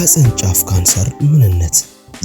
የማህፀን ጫፍ ካንሰር ምንነት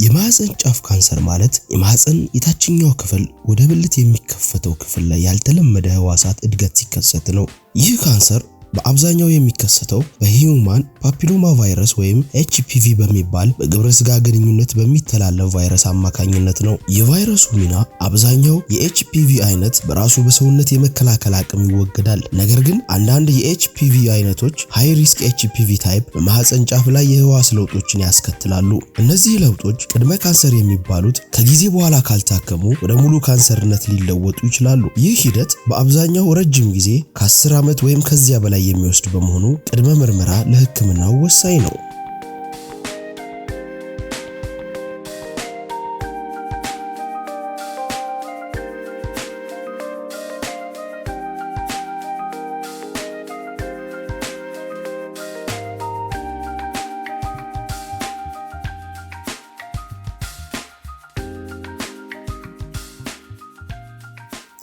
የማህፀን ጫፍ ካንሰር ማለት የማህፀን የታችኛው ክፍል ወደ ብልት የሚከፈተው ክፍል ላይ ያልተለመደ ህዋሳት እድገት ሲከሰት ነው። ይህ ካንሰር በአብዛኛው የሚከሰተው በሂዩማን ፓፒሎማ ቫይረስ ወይም ኤችፒቪ በሚባል በግብረ ስጋ ግንኙነት በሚተላለፍ ቫይረስ አማካኝነት ነው። የቫይረሱ ሚና አብዛኛው የኤችፒቪ አይነት በራሱ በሰውነት የመከላከል አቅም ይወገዳል። ነገር ግን አንዳንድ የኤችፒቪ አይነቶች ሃይ ሪስክ ኤችፒቪ ታይፕ በማህፀን ጫፍ ላይ የህዋስ ለውጦችን ያስከትላሉ። እነዚህ ለውጦች ቅድመ ካንሰር የሚባሉት ከጊዜ በኋላ ካልታከሙ ወደ ሙሉ ካንሰርነት ሊለወጡ ይችላሉ። ይህ ሂደት በአብዛኛው ረጅም ጊዜ ከ10 ዓመት ወይም ከዚያ በላይ የሚወስድ በመሆኑ ቅድመ ምርመራ ለሕክምናው ወሳኝ ነው።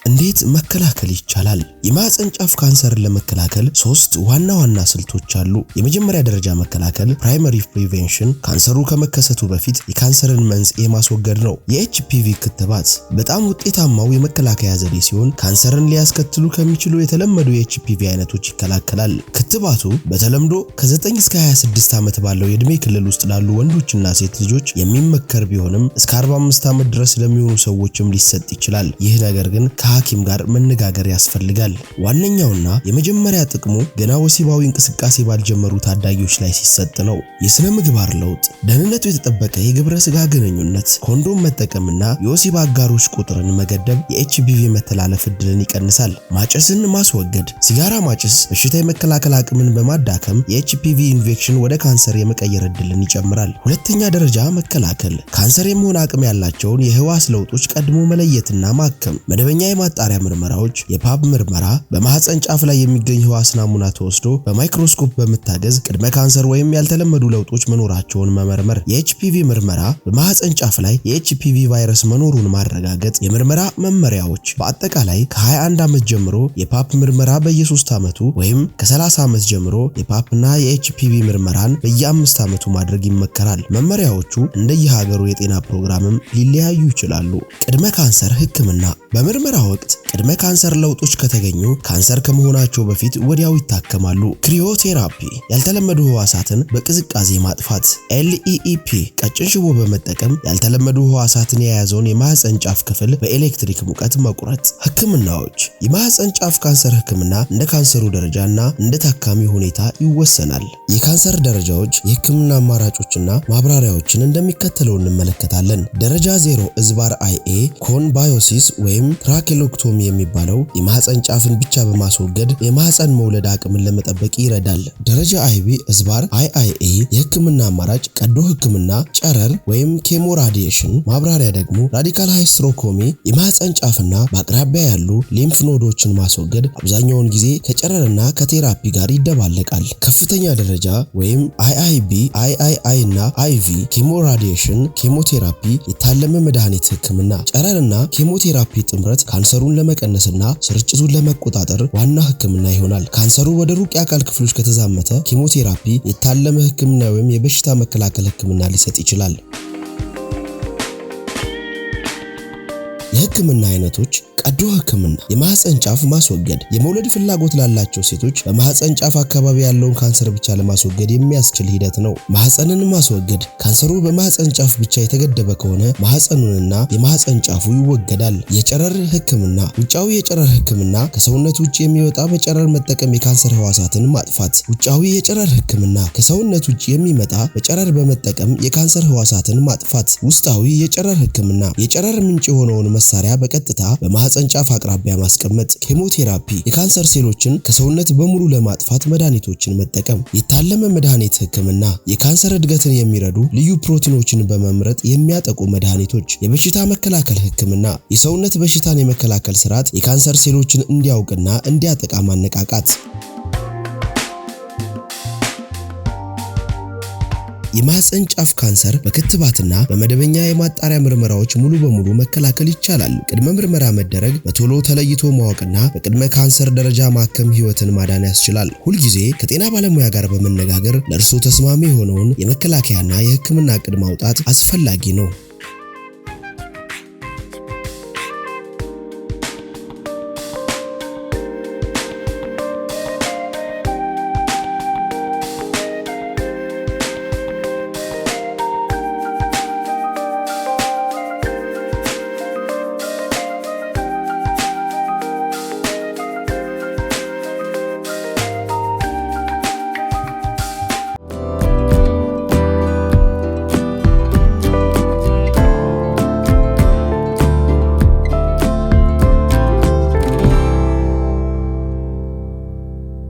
እንዴት መከላከል ይቻላል? የማህፀን ጫፍ ካንሰርን ለመከላከል ሶስት ዋና ዋና ስልቶች አሉ። የመጀመሪያ ደረጃ መከላከል ፕራይመሪ ፕሪቬንሽን ካንሰሩ ከመከሰቱ በፊት የካንሰርን መንስኤ ማስወገድ ነው። የኤችፒቪ ክትባት በጣም ውጤታማው የመከላከያ ዘዴ ሲሆን ካንሰርን ሊያስከትሉ ከሚችሉ የተለመዱ የኤችፒቪ አይነቶች ይከላከላል። ክትባቱ በተለምዶ ከ9 እስከ 26 ዓመት ባለው የዕድሜ ክልል ውስጥ ላሉ ወንዶችና ሴት ልጆች የሚመከር ቢሆንም እስከ 45 ዓመት ድረስ ለሚሆኑ ሰዎችም ሊሰጥ ይችላል። ይህ ነገር ግን ከሐኪም ጋር መነጋገር ያስፈልጋል። ዋነኛውና የመጀመሪያ ጥቅሙ ገና ወሲባዊ እንቅስቃሴ ባልጀመሩ ታዳጊዎች ላይ ሲሰጥ ነው። የሥነ ምግባር ለውጥ፣ ደህንነቱ የተጠበቀ የግብረ ሥጋ ግንኙነት፣ ኮንዶም መጠቀምና የወሲብ አጋሮች ቁጥርን መገደብ የኤችቪቪ መተላለፍ ዕድልን ይቀንሳል። ማጨስን ማስወገድ፣ ሲጋራ ማጨስ በሽታ የመከላከል አቅምን በማዳከም የኤችፒቪ ኢንፌክሽን ወደ ካንሰር የመቀየር ዕድልን ይጨምራል። ሁለተኛ ደረጃ መከላከል፣ ካንሰር የመሆን አቅም ያላቸውን የህዋስ ለውጦች ቀድሞ መለየትና ማከም፣ መደበኛ የማጣሪያ ምርመራዎች፣ የፓፕ ምርመራ፣ በማህፀን ጫፍ ላይ የሚገኝ ህዋስ ናሙና ተወስዶ በማይክሮስኮፕ በመታገዝ ቅድመ ካንሰር ወይም ያልተለመዱ ለውጦች መኖራቸውን መመርመር፣ የኤችፒቪ ምርመራ፣ በማህፀን ጫፍ ላይ የኤችፒቪ ቫይረስ መኖሩን ማረጋገጥ፣ የምርመራ መመሪያዎች። በአጠቃላይ ከ21 ዓመት ጀምሮ የፓፕ ምርመራ በየሶስት ዓመቱ ወይም ከ30 ዓመት ጀምሮ የፓፕና የኤችፒቪ ምርመራን በየአምስት ዓመቱ ማድረግ ይመከራል። መመሪያዎቹ እንደየሀገሩ የጤና ፕሮግራምም ሊለያዩ ይችላሉ። ቅድመ ካንሰር ህክምና በምርመራ ወቅት ቅድመ ካንሰር ለውጦች ከተገኙ ካንሰር ከመሆናቸው በፊት ወዲያው ይታከማሉ። ክሪዮቴራፒ ያልተለመዱ ህዋሳትን በቅዝቃዜ ማጥፋት። ኤልኢኢፒ ቀጭን ሽቦ በመጠቀም ያልተለመዱ ህዋሳትን የያዘውን የማህፀን ጫፍ ክፍል በኤሌክትሪክ ሙቀት መቁረጥ። ህክምናዎች የማህፀን ጫፍ ካንሰር ህክምና እንደ ካንሰሩ ደረጃ እና እንደ ታካሚ ሁኔታ ይወሰናል። የካንሰር ደረጃዎች፣ የህክምና አማራጮችና ማብራሪያዎችን እንደሚከተለው እንመለከታለን። ደረጃ 0 እዝባር አይኤ ኮን ባዮሲስ ወይም ትራኬሎክቶሚ የሚባለው የማህፀን ጫፍን ብቻ በማስወገድ የማህፀን መውለድ አቅምን ለመጠበቅ ይረዳል። ደረጃ አይቢ እዝባር አይአይኤ የህክምና አማራጭ ቀዶ ህክምና፣ ጨረር ወይም ኬሞ ራዲዬሽን። ማብራሪያ ደግሞ ራዲካል ሃይስትሮኮሚ የማህፀን ጫፍና በአቅራቢያ ያሉ ሊምፍ ኖዶችን ማስወገድ አብዛኛውን ጊዜ ከጨረርና ከቴራፒ ጋር ይደባለቃል። ከፍተኛ ደረጃ ወይም አይአይቢ አይአይአይ እና አይቪ ኬሞ ራዲዬሽን፣ ኬሞቴራፒ፣ የታለመ መድኃኒት ህክምና፣ ጨረርና ኬሞቴራፒ ጥምረት ካንሰሩን ለመ ለመቀነስና ስርጭቱን ለመቆጣጠር ዋና ህክምና ይሆናል። ካንሰሩ ወደ ሩቅ የአካል ክፍሎች ከተዛመተ ኪሞቴራፒ የታለመ ህክምና ወይም የበሽታ መከላከል ህክምና ሊሰጥ ይችላል። የህክምና አይነቶች ቀዶ ህክምና፣ የማህፀን ጫፍ ማስወገድ፣ የመውለድ ፍላጎት ላላቸው ሴቶች በማህፀን ጫፍ አካባቢ ያለውን ካንሰር ብቻ ለማስወገድ የሚያስችል ሂደት ነው። ማህፀንን ማስወገድ፣ ካንሰሩ በማህፀን ጫፍ ብቻ የተገደበ ከሆነ ማህፀኑንና የማህፀን ጫፉ ይወገዳል። የጨረር ህክምና፣ ውጫዊ የጨረር ህክምና ከሰውነት ውጭ የሚወጣ በጨረር መጠቀም የካንሰር ህዋሳትን ማጥፋት። ውጫዊ የጨረር ህክምና ከሰውነት ውጭ የሚመጣ በጨረር በመጠቀም የካንሰር ህዋሳትን ማጥፋት። ውስጣዊ የጨረር ህክምና የጨረር ምንጭ የሆነውን መሳ መሳሪያ በቀጥታ በማህፀን ጫፍ አቅራቢያ ማስቀመጥ፣ ኬሞቴራፒ፣ የካንሰር ሴሎችን ከሰውነት በሙሉ ለማጥፋት መድኃኒቶችን መጠቀም፣ የታለመ መድኃኒት ህክምና፣ የካንሰር እድገትን የሚረዱ ልዩ ፕሮቲኖችን በመምረጥ የሚያጠቁ መድኃኒቶች፣ የበሽታ መከላከል ህክምና፣ የሰውነት በሽታን የመከላከል ስርዓት የካንሰር ሴሎችን እንዲያውቅና እንዲያጠቃ ማነቃቃት የማህፀን ጫፍ ካንሰር በክትባትና በመደበኛ የማጣሪያ ምርመራዎች ሙሉ በሙሉ መከላከል ይቻላል። ቅድመ ምርመራ መደረግ በቶሎ ተለይቶ ማወቅና በቅድመ ካንሰር ደረጃ ማከም ህይወትን ማዳን ያስችላል። ሁልጊዜ ከጤና ባለሙያ ጋር በመነጋገር ለእርስዎ ተስማሚ የሆነውን የመከላከያና የህክምና ቅድመ ማውጣት አስፈላጊ ነው።